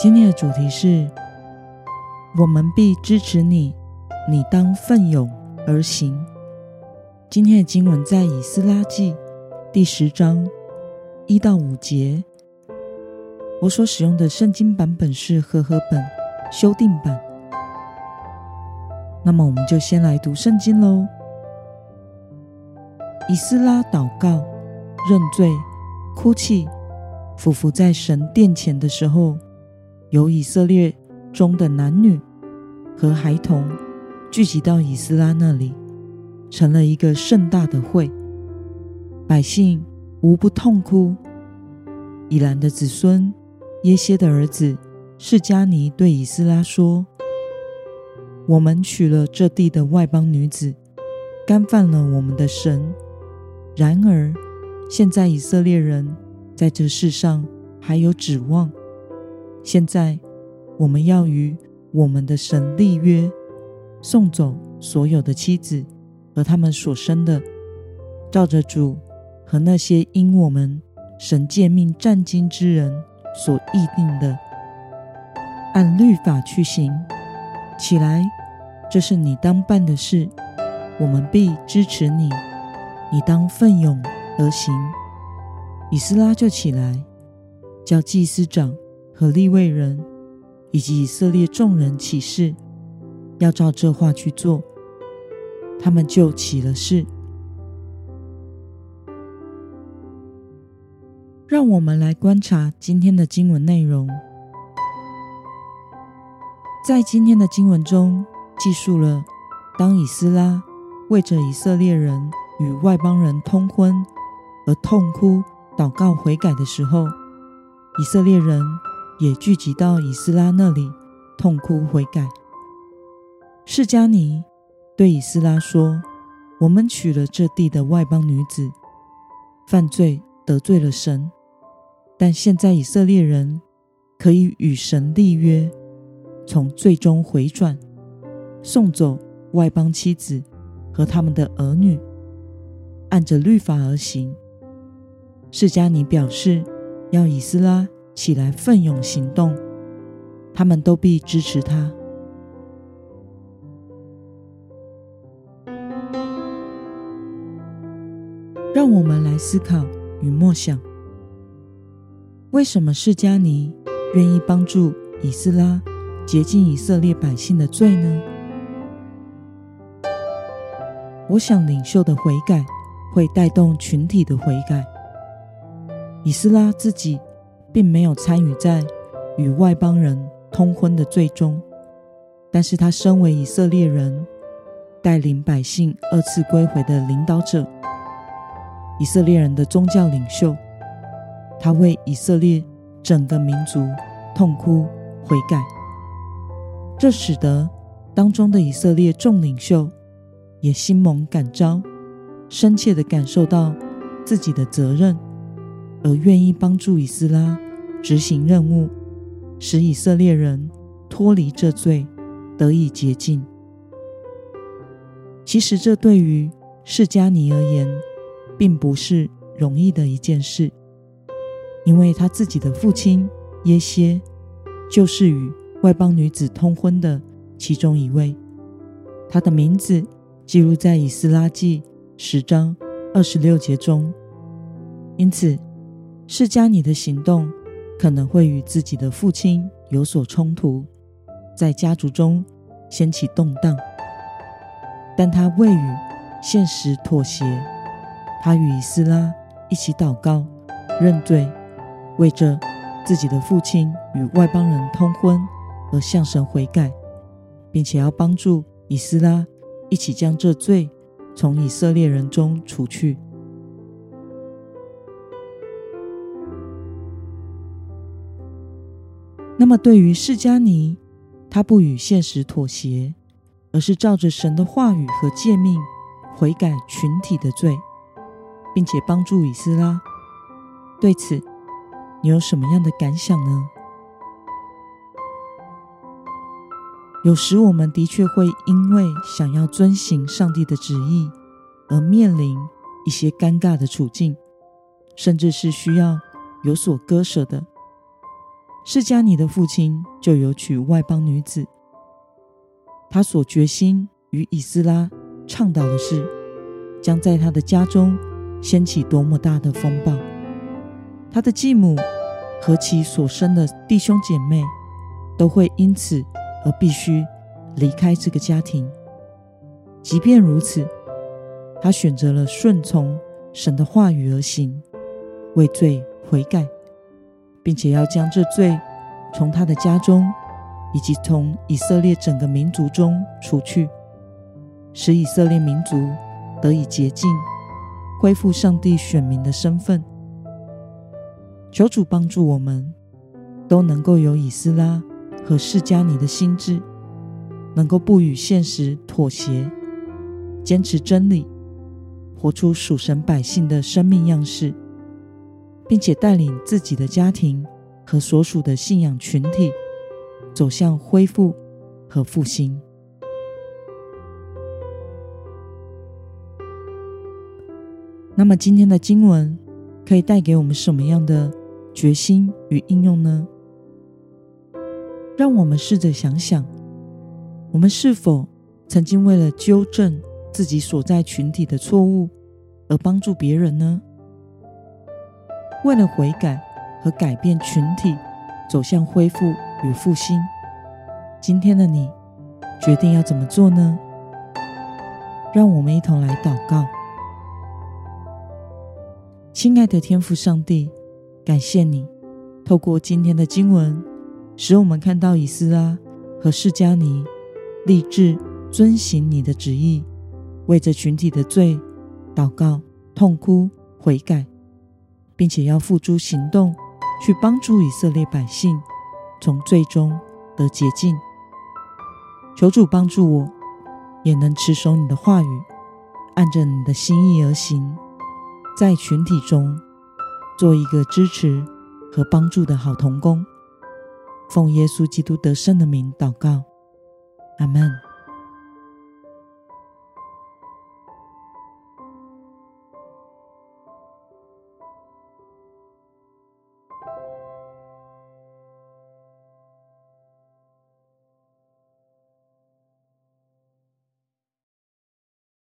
今天的主題是：我們必支持你，你當奮勇而行。今天的經文在《以斯拉記》第十章一到五節。我所使用的聖經版本是和合本修訂版。那麼，我們就先來讀聖經嘍。以斯拉禱告、認罪、哭泣、俯伏在神殿前的時候，有以色列中的男女和孩童聚集到以斯拉那裡，成了一個盛大的會。百姓無不痛哭。以攔的子孫耶歇的兒子示迦尼對以斯拉說：“我們娶了這地的外邦女子，干犯了我們的神。然而，現在以色列人在這事上還有指望。”現在，我們要與我們的神立約，送走所有的妻子和她們所生的，照着主和那些因我們神誡命戰兢之人所議定的，按律法去行。起來，這是你當辦的事，我們必支持你，你當奮勇而行。以斯拉就起來，叫祭司長。和利未人、以及以色列眾人起誓，要照這話去做。他們就起了誓。讓我們來觀察今天的經文內容。在今天的經文中，記述了當以斯拉為着以色列人與外邦人通婚而痛哭禱告悔改的時候，以色列人。也聚集到以斯拉那裡，痛哭悔改。示迦尼對以斯拉說：“我們娶了這地的外邦女子，犯罪得罪了神，但現在以色列人可以與神立約，從罪中回轉，送走外邦妻子和他們的兒女，按着律法而行。”示迦尼表示要以斯拉。起來，奮勇行動，他們都必支持他。讓我們來思考與默想：為什麼示迦尼願意幫助以斯拉潔淨以色列百姓的罪呢？我想，領袖的悔改會帶動群體的悔改，以斯拉自己。並沒有參與在與外邦人通婚的罪中，但是他身為以色列人，帶領百姓二次歸回的領導者，以色列人的宗教領袖，他為以色列整個民族痛哭悔改，這使得當中的以色列眾領袖也心蒙感召，深切的感受到自己的責任。而願意幫助以斯拉執行任務，使以色列人脫離這罪，得以潔淨。其實，這對於示迦尼而言，並不是容易的一件事，因為他自己的父親耶歇，就是與外邦女子通婚的其中一位。他的名字記錄在《以斯拉記》十章二十六節中，因此，示迦尼的行動可能會與自己的父親有所衝突，在家族中掀起動盪。但他未與現實妥協，他與以斯拉一起禱告、認罪，為着自己的父親與外邦人通婚而向神悔改，並且要幫助以斯拉一起將這罪從以色列人中除去。那麼，對於示迦尼，他不與現實妥協，而是照着神的話語和誡命，悔改群體的罪，並且幫助以斯拉。對此，你有什麼樣的感想呢？有時我們的確會因為想要遵行上帝的旨意，而面臨一些尷尬的處境，甚至是需要有所割舍的。示迦尼的父親就有娶外邦女子。他所決心與以斯拉倡導的事，將在他的家中掀起多麼大的風暴！他的繼母和其所生的弟兄姐妹，都會因此而必須離開這個家庭。即便如此，他選擇了順從神的話語而行，為罪悔改。並且要將這罪從他的家中，以及從以色列整個民族中除去，使以色列民族得以潔淨，恢復上帝選民的身份。求主幫助我們，都能夠有以斯拉和示迦尼的心志，能夠不與現實妥協，堅持真理，活出屬神百姓的生命樣式。並且帶領自己的家庭和所屬的信仰群體走向恢復和復興。那麼，今天的經文可以帶給我們什麼樣的決心與應用呢？讓我們試着想想，我們是否曾經為了糾正自己所在群體的錯誤而幫助別人呢？為了悔改和改變群體，走向恢復與復興，今天的你決定要怎麼做呢？讓我們一同來禱告。親愛的天父上帝，感謝你透過今天的經文，使我們看到以斯拉和示迦尼立志遵行你的旨意，為著群體的罪禱告、痛哭、悔改。並且要付諸行動，去幫助以色列百姓，從罪中得潔淨。求主幫助我，也能持守你的話語，按着你的心意而行，在群體中做一個支持和幫助的好同工。奉耶穌基督得勝的名禱告，阿們。